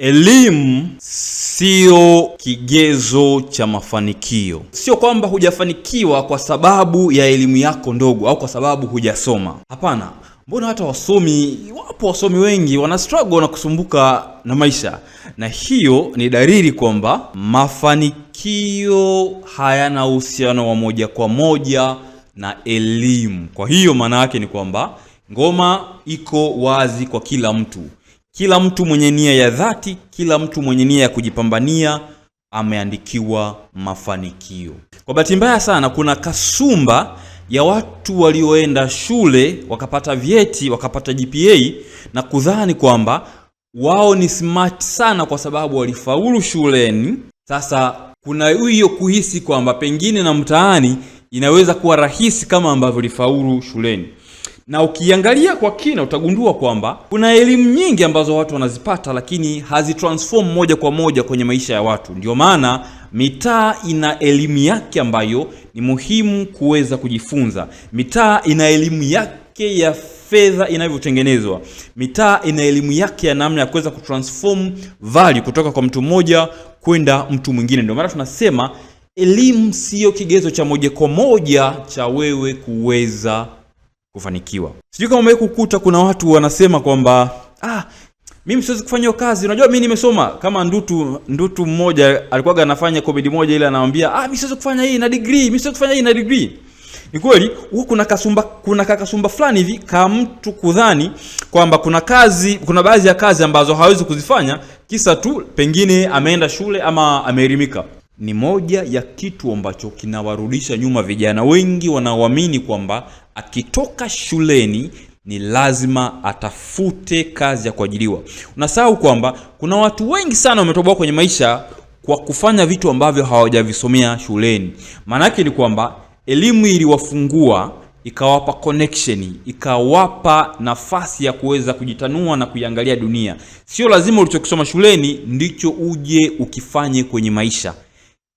Elimu sio kigezo cha mafanikio. Sio kwamba hujafanikiwa kwa sababu ya elimu yako ndogo au kwa sababu hujasoma. Hapana, mbona hata wasomi wapo, wasomi wengi wana struggle na kusumbuka na maisha, na hiyo ni dalili kwamba mafanikio hayana uhusiano wa moja kwa moja na elimu. Kwa hiyo maana yake ni kwamba ngoma iko wazi kwa kila mtu. Kila mtu mwenye nia ya dhati, kila mtu mwenye nia ya kujipambania ameandikiwa mafanikio. Kwa bahati mbaya sana, kuna kasumba ya watu walioenda shule wakapata vyeti wakapata GPA na kudhani kwamba wao ni smart sana kwa sababu walifaulu shuleni. Sasa kuna hiyo kuhisi kwamba pengine na mtaani inaweza kuwa rahisi kama ambavyo lifaulu shuleni na ukiangalia kwa kina utagundua kwamba kuna elimu nyingi ambazo watu wanazipata, lakini hazitransform moja kwa moja kwenye maisha ya watu. Ndio maana mitaa ina elimu yake ambayo ni muhimu kuweza kujifunza. Mitaa ina elimu yake ya fedha inavyotengenezwa. Mitaa ina elimu yake ya namna ya kuweza kutransform value kutoka kwa mtu mmoja kwenda mtu mwingine. Ndio maana tunasema elimu siyo kigezo cha moja kwa moja cha wewe kuweza kufanikiwa. Sijui kama umewahi kukuta kuna watu wanasema kwamba ah, mimi siwezi kufanya hiyo kazi, unajua mimi nimesoma. Kama Ndutu Ndutu mmoja alikuwa anafanya comedy moja ile, anamwambia ah, mimi siwezi kufanya hii na degree, mimi siwezi kufanya hii na degree. Ni kweli huko kuna kasumba, kuna kakasumba fulani hivi ka mtu kudhani kwamba kuna kazi, kuna baadhi ya kazi ambazo hawezi kuzifanya kisa tu pengine ameenda shule ama ameelimika. Ni moja ya kitu ambacho kinawarudisha nyuma vijana wengi wanaoamini kwamba akitoka shuleni ni lazima atafute kazi ya kuajiriwa. Unasahau kwamba kuna watu wengi sana wametoboa kwenye maisha kwa kufanya vitu ambavyo hawajavisomea shuleni. Maana yake ni kwamba elimu iliwafungua ikawapa connection, ikawapa nafasi ya kuweza kujitanua na kuiangalia dunia. Sio lazima ulichokisoma shuleni ndicho uje ukifanye kwenye maisha.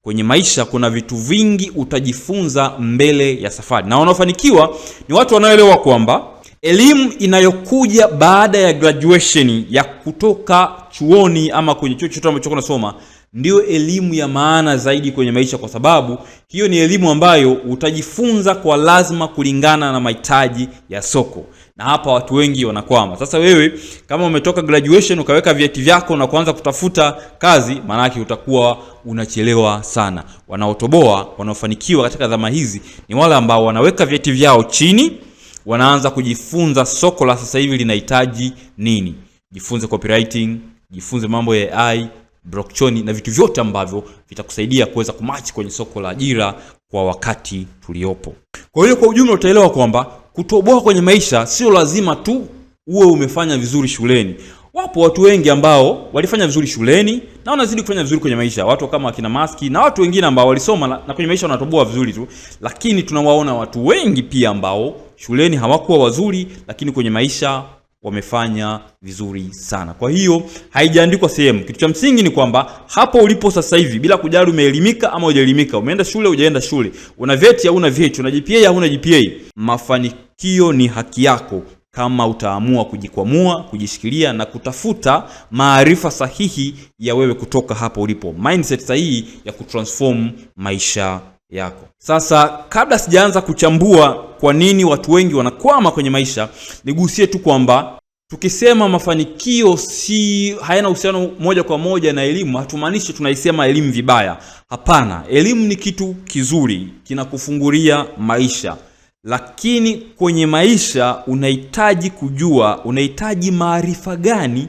Kwenye maisha kuna vitu vingi utajifunza mbele ya safari, na wanaofanikiwa ni watu wanaoelewa kwamba elimu inayokuja baada ya graduation ya kutoka chuoni ama kwenye chuo chochote ambacho unasoma ndio elimu ya maana zaidi kwenye maisha, kwa sababu hiyo ni elimu ambayo utajifunza kwa lazima kulingana na mahitaji ya soko na hapa watu wengi wanakwama. Sasa wewe kama umetoka graduation ukaweka vyeti vyako na kuanza kutafuta kazi, maana yake utakuwa unachelewa sana. Wanaotoboa, wanaofanikiwa katika zama hizi ni wale ambao wanaweka vyeti vyao chini, wanaanza kujifunza soko la sasa hivi linahitaji nini. Jifunze copywriting, jifunze mambo ya AI, blockchain na vitu vyote ambavyo vitakusaidia kuweza kumachi kwenye soko la ajira kwa wakati tuliopo. Kwa hiyo kwa ujumla utaelewa kwamba kutoboa kwenye maisha sio lazima tu uwe umefanya vizuri shuleni. Wapo watu wengi ambao walifanya vizuri shuleni na wanazidi kufanya vizuri kwenye maisha, watu kama akina Maski na watu wengine ambao walisoma na kwenye maisha wanatoboa vizuri tu, lakini tunawaona watu wengi pia ambao shuleni hawakuwa wazuri, lakini kwenye maisha wamefanya vizuri sana. Kwa hiyo haijaandikwa sehemu. Kitu cha msingi ni kwamba hapo ulipo sasa hivi, bila kujali umeelimika ama hujaelimika, umeenda shule hujaenda shule, una vyeti au una vyeti, una GPA au una GPA, mafanikio ni haki yako kama utaamua kujikwamua, kujishikilia na kutafuta maarifa sahihi ya wewe kutoka hapo ulipo, mindset sahihi ya kutransform maisha yako. Sasa kabla sijaanza kuchambua kwa nini watu wengi wanakwama kwenye maisha, nigusie tu kwamba tukisema mafanikio si hayana uhusiano moja kwa moja na elimu, hatumaanishi tunaisema elimu vibaya. Hapana, elimu ni kitu kizuri, kinakufungulia maisha, lakini kwenye maisha unahitaji kujua, unahitaji maarifa gani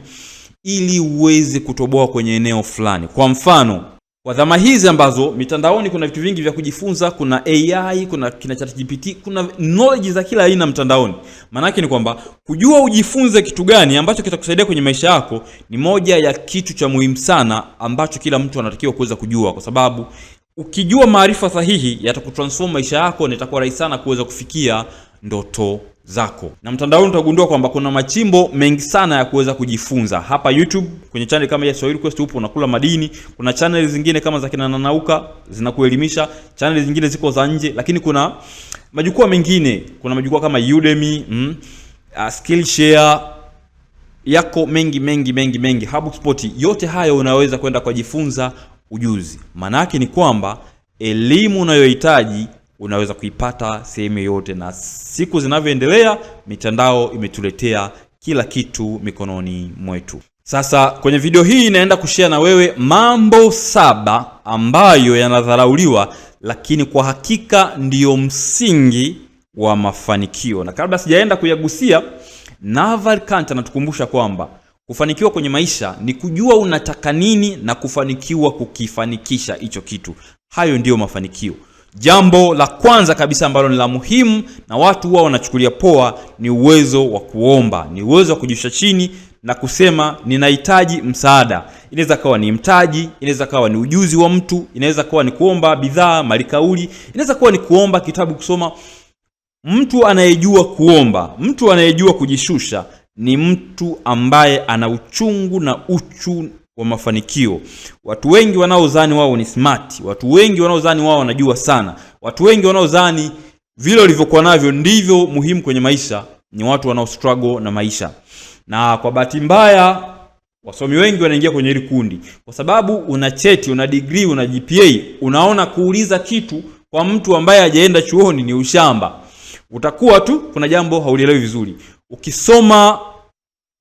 ili uweze kutoboa kwenye eneo fulani. Kwa mfano kwa dhama hizi ambazo mitandaoni kuna vitu vingi vya kujifunza, kuna AI, kuna kina ChatGPT, kuna knowledge za kila aina mtandaoni. Maanake ni kwamba kujua ujifunze kitu gani ambacho kitakusaidia kwenye maisha yako ni moja ya kitu cha muhimu sana ambacho kila mtu anatakiwa kuweza kujua, kwa sababu ukijua maarifa sahihi yatakutransform maisha yako na itakuwa rahisi sana kuweza kufikia ndoto zako na mtandaoni utagundua kwamba kuna machimbo mengi sana ya kuweza kujifunza. Hapa YouTube kwenye channel kama ya Swahili Quest upo unakula madini. Kuna channel zingine kama za kina Nanauka zinakuelimisha, channel zingine ziko za nje, lakini kuna majukwaa mengine, kuna majukwaa kama Udemy, mm, uh, Skillshare yako mengi mengi mengi mengi, HubSpot, yote hayo unaweza kwenda kujifunza ujuzi. Maana ni kwamba elimu unayohitaji unaweza kuipata sehemu yoyote, na siku zinavyoendelea mitandao imetuletea kila kitu mikononi mwetu. Sasa kwenye video hii naenda kushare na wewe mambo saba ambayo yanadharauliwa, lakini kwa hakika ndiyo msingi wa mafanikio. Na kabla sijaenda kuyagusia, Naval Kant anatukumbusha kwamba kufanikiwa kwenye maisha ni kujua unataka nini na kufanikiwa kukifanikisha hicho kitu. Hayo ndiyo mafanikio. Jambo la kwanza kabisa ambalo ni la muhimu na watu huwa wanachukulia poa ni uwezo wa kuomba, ni uwezo wa kujishusha chini na kusema ninahitaji msaada. Inaweza kawa ni mtaji, inaweza kawa ni ujuzi wa mtu, inaweza kawa ni kuomba bidhaa, malikauli, inaweza kuwa ni kuomba kitabu kusoma. Mtu anayejua kuomba, mtu anayejua kujishusha ni mtu ambaye ana uchungu na uchu wa mafanikio. Watu wengi wanaodhani wao ni smart, watu wengi wanaodhani wao wanajua sana, watu wengi wanaodhani vile ulivyokuwa navyo ndivyo muhimu kwenye maisha, ni watu wanao struggle na maisha, na kwa bahati mbaya wasomi wengi wanaingia kwenye hili kundi, kwa sababu una cheti, una degree, una GPA, unaona kuuliza kitu kwa mtu ambaye hajaenda chuoni ni ushamba. Utakuwa tu kuna jambo haulielewi vizuri ukisoma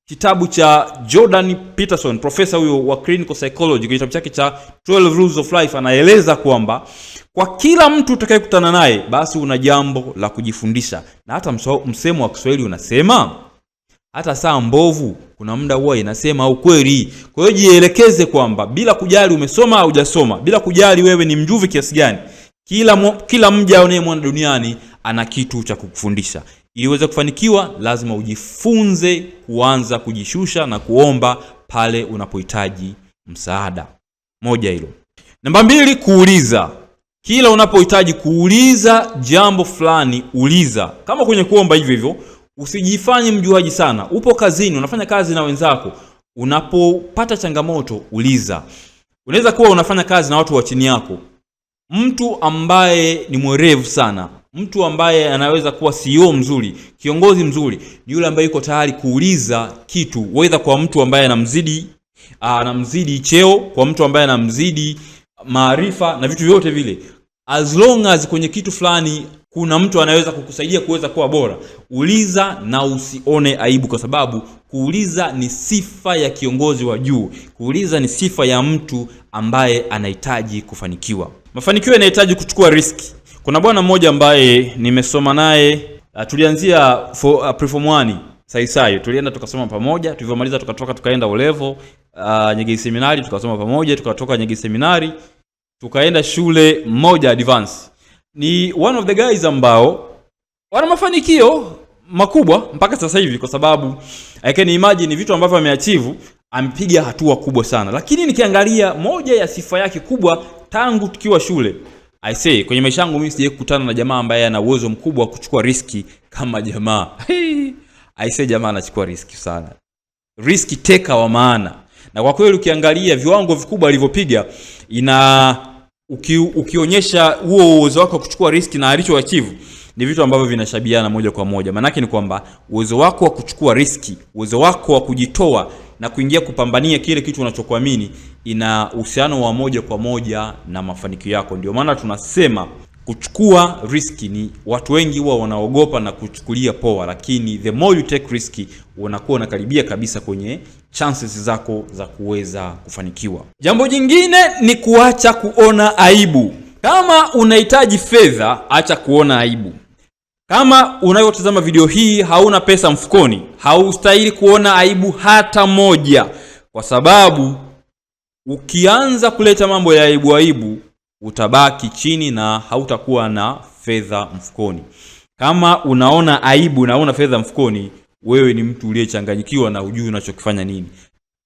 kitabu cha Jordan Peterson, profesa huyo wa clinical psychology, kwenye kitabu chake cha 12 Rules of Life, anaeleza kwamba kwa kila mtu utakayekutana naye basi una jambo la kujifundisha, na hata msemo wa Kiswahili unasema hata saa mbovu kuna muda huwa inasema ukweli. Kwa hiyo jielekeze kwamba bila kujali umesoma au hujasoma, bila kujali wewe ni mjuvi kiasi gani, kila, kila mja unayemwona duniani ana kitu cha kukufundisha. Ili uweze kufanikiwa, lazima ujifunze kuanza kujishusha na kuomba pale unapohitaji msaada. Moja hilo. Namba mbili, kuuliza. Kila unapohitaji kuuliza jambo fulani, uliza. Kama kwenye kuomba hivyo hivyo, usijifanye mjuaji sana. Upo kazini, unafanya kazi na wenzako, unapopata changamoto uliza. Unaweza kuwa unafanya kazi na watu wa chini yako, mtu ambaye ni mwerevu sana Mtu ambaye anaweza kuwa CEO mzuri, kiongozi mzuri ni yule ambaye yuko tayari kuuliza kitu, wedha kwa mtu ambaye anamzidi ah, anamzidi cheo, kwa mtu ambaye anamzidi maarifa na vitu vyote vile, as long as kwenye kitu fulani kuna mtu anaweza kukusaidia kuweza kuwa bora, uliza na usione aibu, kwa sababu kuuliza ni sifa ya kiongozi wa juu. Kuuliza ni sifa ya mtu ambaye anahitaji kufanikiwa. Mafanikio yanahitaji kuchukua riski. Kuna bwana mmoja ambaye nimesoma naye, ah, tulianzia uh, preform 1 sai, tulienda tukasoma pamoja, tulivyomaliza tukatoka tukaenda Ulevo uh, Nyegei seminari tukasoma pamoja, tukatoka Nyegei seminari tukaenda shule moja advance. Ni one of the guys ambao wana mafanikio makubwa mpaka sasa hivi, kwa sababu I can imagine vitu ambavyo ameachieve, amepiga hatua kubwa sana, lakini nikiangalia moja ya sifa yake kubwa tangu tukiwa shule I say kwenye maisha yangu mimi sijawahi kukutana na jamaa ambaye ana uwezo mkubwa wa kuchukua riski kama jamaa. I say jamaa anachukua riski sana. Riski teka wa maana. Na kwa kweli ukiangalia viwango vikubwa alivyopiga ina uki, ukionyesha huo uwezo wako wa kuchukua riski na alicho achieve ni vitu ambavyo vinashabiana moja kwa moja. Maanake ni kwamba uwezo wako wa kuchukua riski, uwezo wako wa kujitoa na kuingia kupambania kile kitu unachokuamini ina uhusiano wa moja kwa moja na mafanikio yako. Ndio maana tunasema kuchukua riski ni watu wengi huwa wanaogopa na kuchukulia poa, lakini the more you take riski unakuwa unakaribia kabisa kwenye chances zako za kuweza kufanikiwa. Jambo jingine ni kuacha kuona aibu. Kama unahitaji fedha, acha kuona aibu. Kama unavyotazama video hii hauna pesa mfukoni, haustahili kuona aibu hata moja, kwa sababu Ukianza kuleta mambo ya aibu aibu, utabaki chini na hautakuwa na fedha mfukoni. Kama unaona aibu na una fedha mfukoni, wewe ni mtu uliyechanganyikiwa na hujui unachokifanya nini.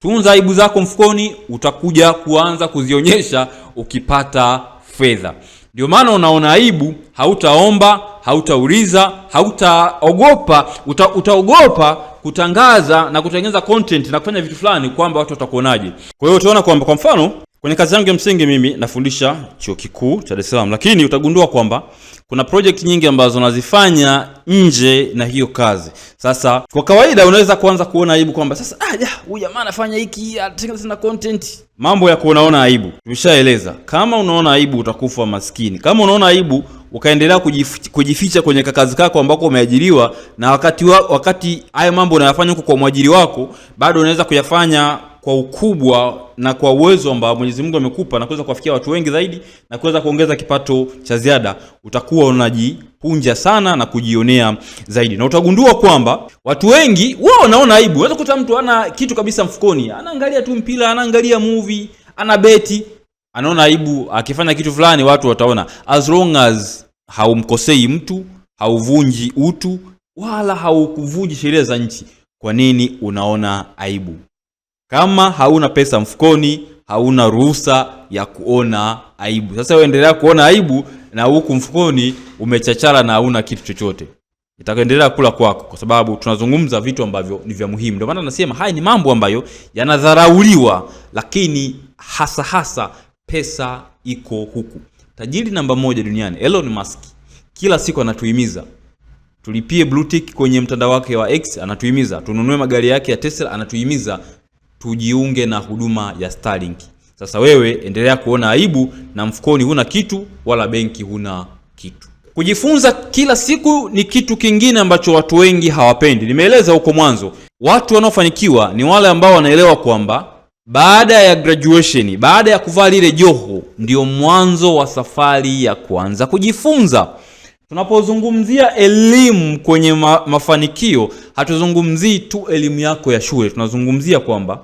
Tunza aibu zako mfukoni, utakuja kuanza kuzionyesha ukipata fedha. Ndio maana unaona aibu, hautaomba, hautauliza, hautaogopa, uta, utaogopa kutangaza na kutengeneza content na kufanya vitu fulani kwamba watu watakuonaje. Kwa hiyo utaona kwamba kwa mfano Kwenye kazi yangu ya msingi mimi nafundisha chuo kikuu cha Dar es Salaam, lakini utagundua kwamba kuna project nyingi ambazo nazifanya nje na hiyo kazi. Sasa kwa kawaida unaweza kuanza kuona aibu kwamba sasa ah, huyu jamaa anafanya hiki atengeneza na content. Mambo ya kuonaona aibu tumeshaeleza. Kama unaona aibu utakufa maskini. Kama unaona aibu ukaendelea kujificha kwenye kakazi kako ambako umeajiriwa, na wakati wa, wakati hayo mambo unayafanya huko kwa mwajiri wako, bado unaweza kuyafanya kwa ukubwa na kwa uwezo ambao Mwenyezi Mungu amekupa na kuweza kuwafikia watu wengi zaidi na kuweza kuongeza kipato cha ziada, utakuwa unajipunja sana na kujionea zaidi, na utagundua kwamba watu wengi wao wanaona aibu. Unaweza kuta mtu ana kitu kabisa mfukoni, anaangalia tu mpira, anaangalia movie, ana beti, anaona aibu akifanya kitu fulani, watu wataona, as long as haumkosei mtu, hauvunji utu wala haukuvunji sheria za nchi, kwa nini unaona aibu? Kama hauna pesa mfukoni, hauna ruhusa ya kuona aibu. Sasa uendelea kuona aibu na huku mfukoni umechachara na hauna kitu chochote, itaendelea kula kwako, kwa sababu tunazungumza vitu ambavyo ni vya muhimu. Ndio maana nasema haya ni mambo ambayo yanadharauliwa, lakini hasa hasa pesa iko huku. Tajiri namba moja duniani Elon Musk kila siku anatuhimiza tulipie blue tick kwenye mtandao wake wa X, anatuhimiza tununue magari yake ya Tesla, anatuhimiza tujiunge na huduma ya Starlink. Sasa wewe endelea kuona aibu na mfukoni huna kitu wala benki huna kitu. Kujifunza kila siku ni kitu kingine ambacho watu wengi hawapendi. Nimeeleza huko mwanzo, watu wanaofanikiwa ni wale ambao wanaelewa kwamba baada ya graduation, baada ya kuvaa lile joho, ndio mwanzo wa safari ya kuanza kujifunza. Tunapozungumzia elimu kwenye ma mafanikio, hatuzungumzii tu elimu yako ya shule. Tunazungumzia kwamba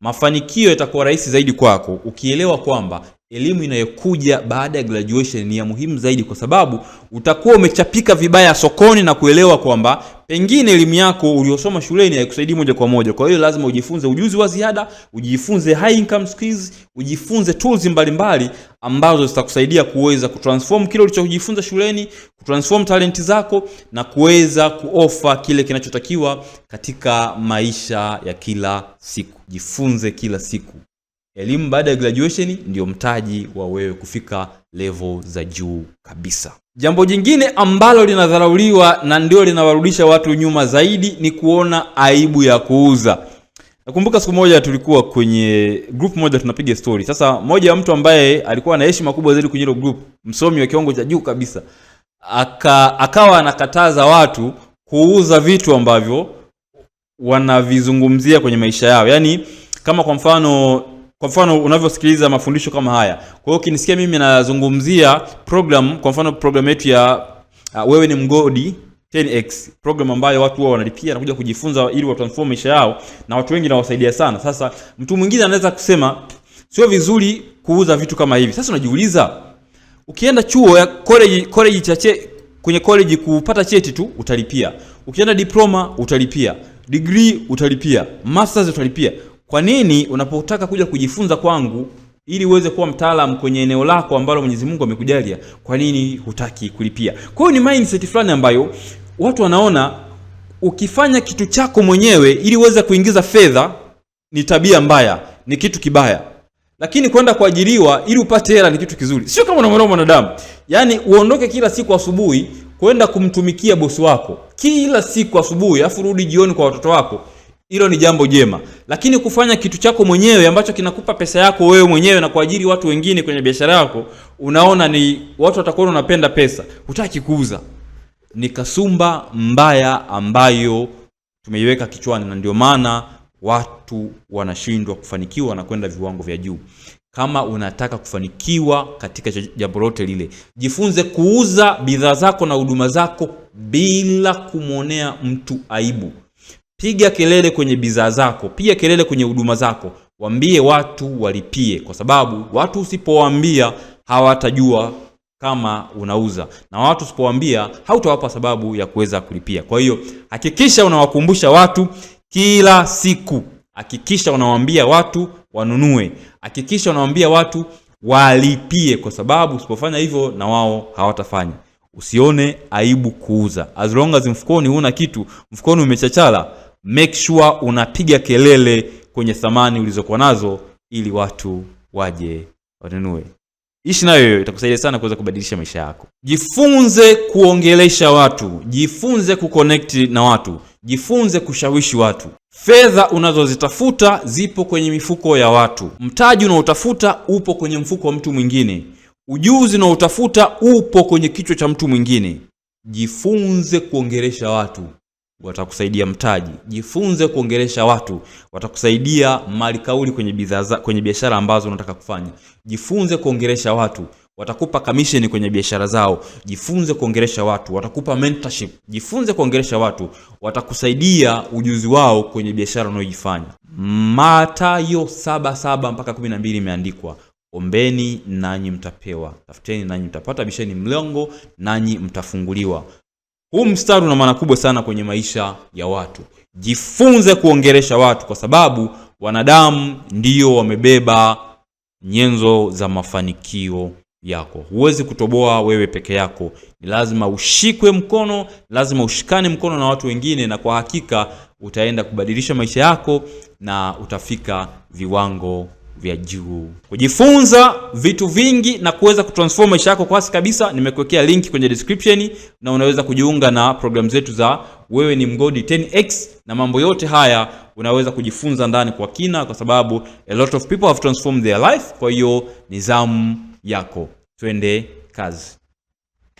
mafanikio yatakuwa rahisi zaidi kwako ukielewa kwamba elimu inayokuja baada ya graduation ni ya muhimu zaidi, kwa sababu utakuwa umechapika vibaya sokoni na kuelewa kwamba pengine elimu yako uliyosoma shuleni haikusaidii moja kwa moja. Kwa hiyo lazima ujifunze ujuzi wa ziada, ujifunze high income skills, ujifunze tools mbalimbali mbali, ambazo zitakusaidia kuweza kutransform kile ulichojifunza shuleni, kutransform talent zako na kuweza kuofa kile kinachotakiwa katika maisha ya kila siku. Jifunze kila siku. Elimu baada ya graduation ndio mtaji wa wewe kufika level za juu kabisa. Jambo jingine ambalo linadharauliwa na ndio linawarudisha watu nyuma zaidi ni kuona aibu ya kuuza. Nakumbuka siku moja tulikuwa kwenye group moja tunapiga story. Sasa moja ya mtu ambaye alikuwa na heshima kubwa zaidi kwenye hilo group, msomi wa kiwango cha juu kabisa, aka akawa anakataza watu kuuza vitu ambavyo wanavizungumzia kwenye maisha yao. Yaani kama kwa mfano kwa mfano unavyosikiliza mafundisho kama haya. Kwa hiyo ukinisikia mimi nazungumzia program, kwa mfano program yetu ya uh, wewe ni mgodi 10x program ambayo watu wao wanalipia na kuja kujifunza ili wa transform maisha yao, na watu wengi nawasaidia sana. Sasa mtu mwingine anaweza kusema sio vizuri kuuza vitu kama hivi. Sasa unajiuliza, ukienda chuo ya college, college cha che, kwenye college kupata cheti tu utalipia, ukienda diploma utalipia, degree utalipia, masters utalipia kwa nini unapotaka kuja kujifunza kwangu ili uweze kuwa mtaalamu kwenye eneo lako ambalo Mwenyezi Mungu amekujalia, kwa nini hutaki kulipia? Kwa hiyo ni mindset fulani ambayo watu wanaona ukifanya kitu chako mwenyewe ili uweze kuingiza fedha ni tabia mbaya, ni kitu kibaya, lakini kwenda kuajiriwa ili upate hela ni kitu kizuri. Sio kama unamwona mwanadamu, yaani uondoke kila siku asubuhi kwenda kumtumikia bosi wako kila siku asubuhi, afu rudi jioni kwa watoto wako hilo ni jambo jema, lakini kufanya kitu chako mwenyewe ambacho kinakupa pesa yako wewe mwenyewe na kuajiri watu wengine kwenye biashara yako, unaona ni watu watakuwa unapenda pesa, hutaki kuuza, ni kasumba mbaya ambayo tumeiweka kichwani, na ndio maana watu wanashindwa kufanikiwa na kwenda viwango vya juu. Kama unataka kufanikiwa katika jambo lote lile, jifunze kuuza bidhaa zako na huduma zako bila kumwonea mtu aibu. Piga kelele kwenye bidhaa zako, piga kelele kwenye huduma zako, waambie watu walipie, kwa sababu watu usipowaambia hawatajua kama unauza, na watu usipowaambia hautawapa sababu ya kuweza kulipia. Kwa hiyo hakikisha unawakumbusha watu kila siku, hakikisha unawaambia watu wanunue, hakikisha unawaambia watu walipie, kwa sababu usipofanya hivyo na wao hawatafanya. Usione aibu kuuza, as long as mfukoni huna kitu, mfukoni umechachala make sure unapiga kelele kwenye thamani ulizokuwa nazo ili watu waje wanunue. Ishi nayo hiyo, itakusaidia sana kuweza kubadilisha maisha yako. Jifunze kuongelesha watu, jifunze kuconnect na watu, jifunze kushawishi watu. Fedha unazozitafuta zipo kwenye mifuko ya watu, mtaji unaotafuta upo kwenye mfuko wa mtu mwingine, ujuzi unaotafuta upo kwenye kichwa cha mtu mwingine. Jifunze kuongelesha watu watakusaidia mtaji. Jifunze kuongelesha watu, watakusaidia mali kauli kwenye bidhaa, kwenye biashara ambazo unataka kufanya. Jifunze kuongelesha watu, watakupa commission kwenye biashara zao. Jifunze kuongelesha watu, watakupa mentorship. Jifunze kuongelesha watu, watakusaidia ujuzi wao kwenye biashara unayoifanya. Mathayo 7:7 mpaka 12 imeandikwa Ombeni nanyi mtapewa, tafuteni nanyi mtapata, bisheni mlango nanyi mtafunguliwa. Huu mstari una maana kubwa sana kwenye maisha ya watu. Jifunze kuongelesha watu, kwa sababu wanadamu ndio wamebeba nyenzo za mafanikio yako. Huwezi kutoboa wewe peke yako, ni lazima ushikwe mkono, lazima ushikane mkono na watu wengine, na kwa hakika utaenda kubadilisha maisha yako na utafika viwango vya juu. Kujifunza vitu vingi na kuweza kutransform maisha yako kwasi kabisa, nimekuwekea link kwenye description na unaweza kujiunga na programu zetu za wewe ni mgodi 10x, na mambo yote haya unaweza kujifunza ndani kwa kina, kwa sababu a lot of people have transformed their life. Kwa hiyo ni zamu yako, twende kazi.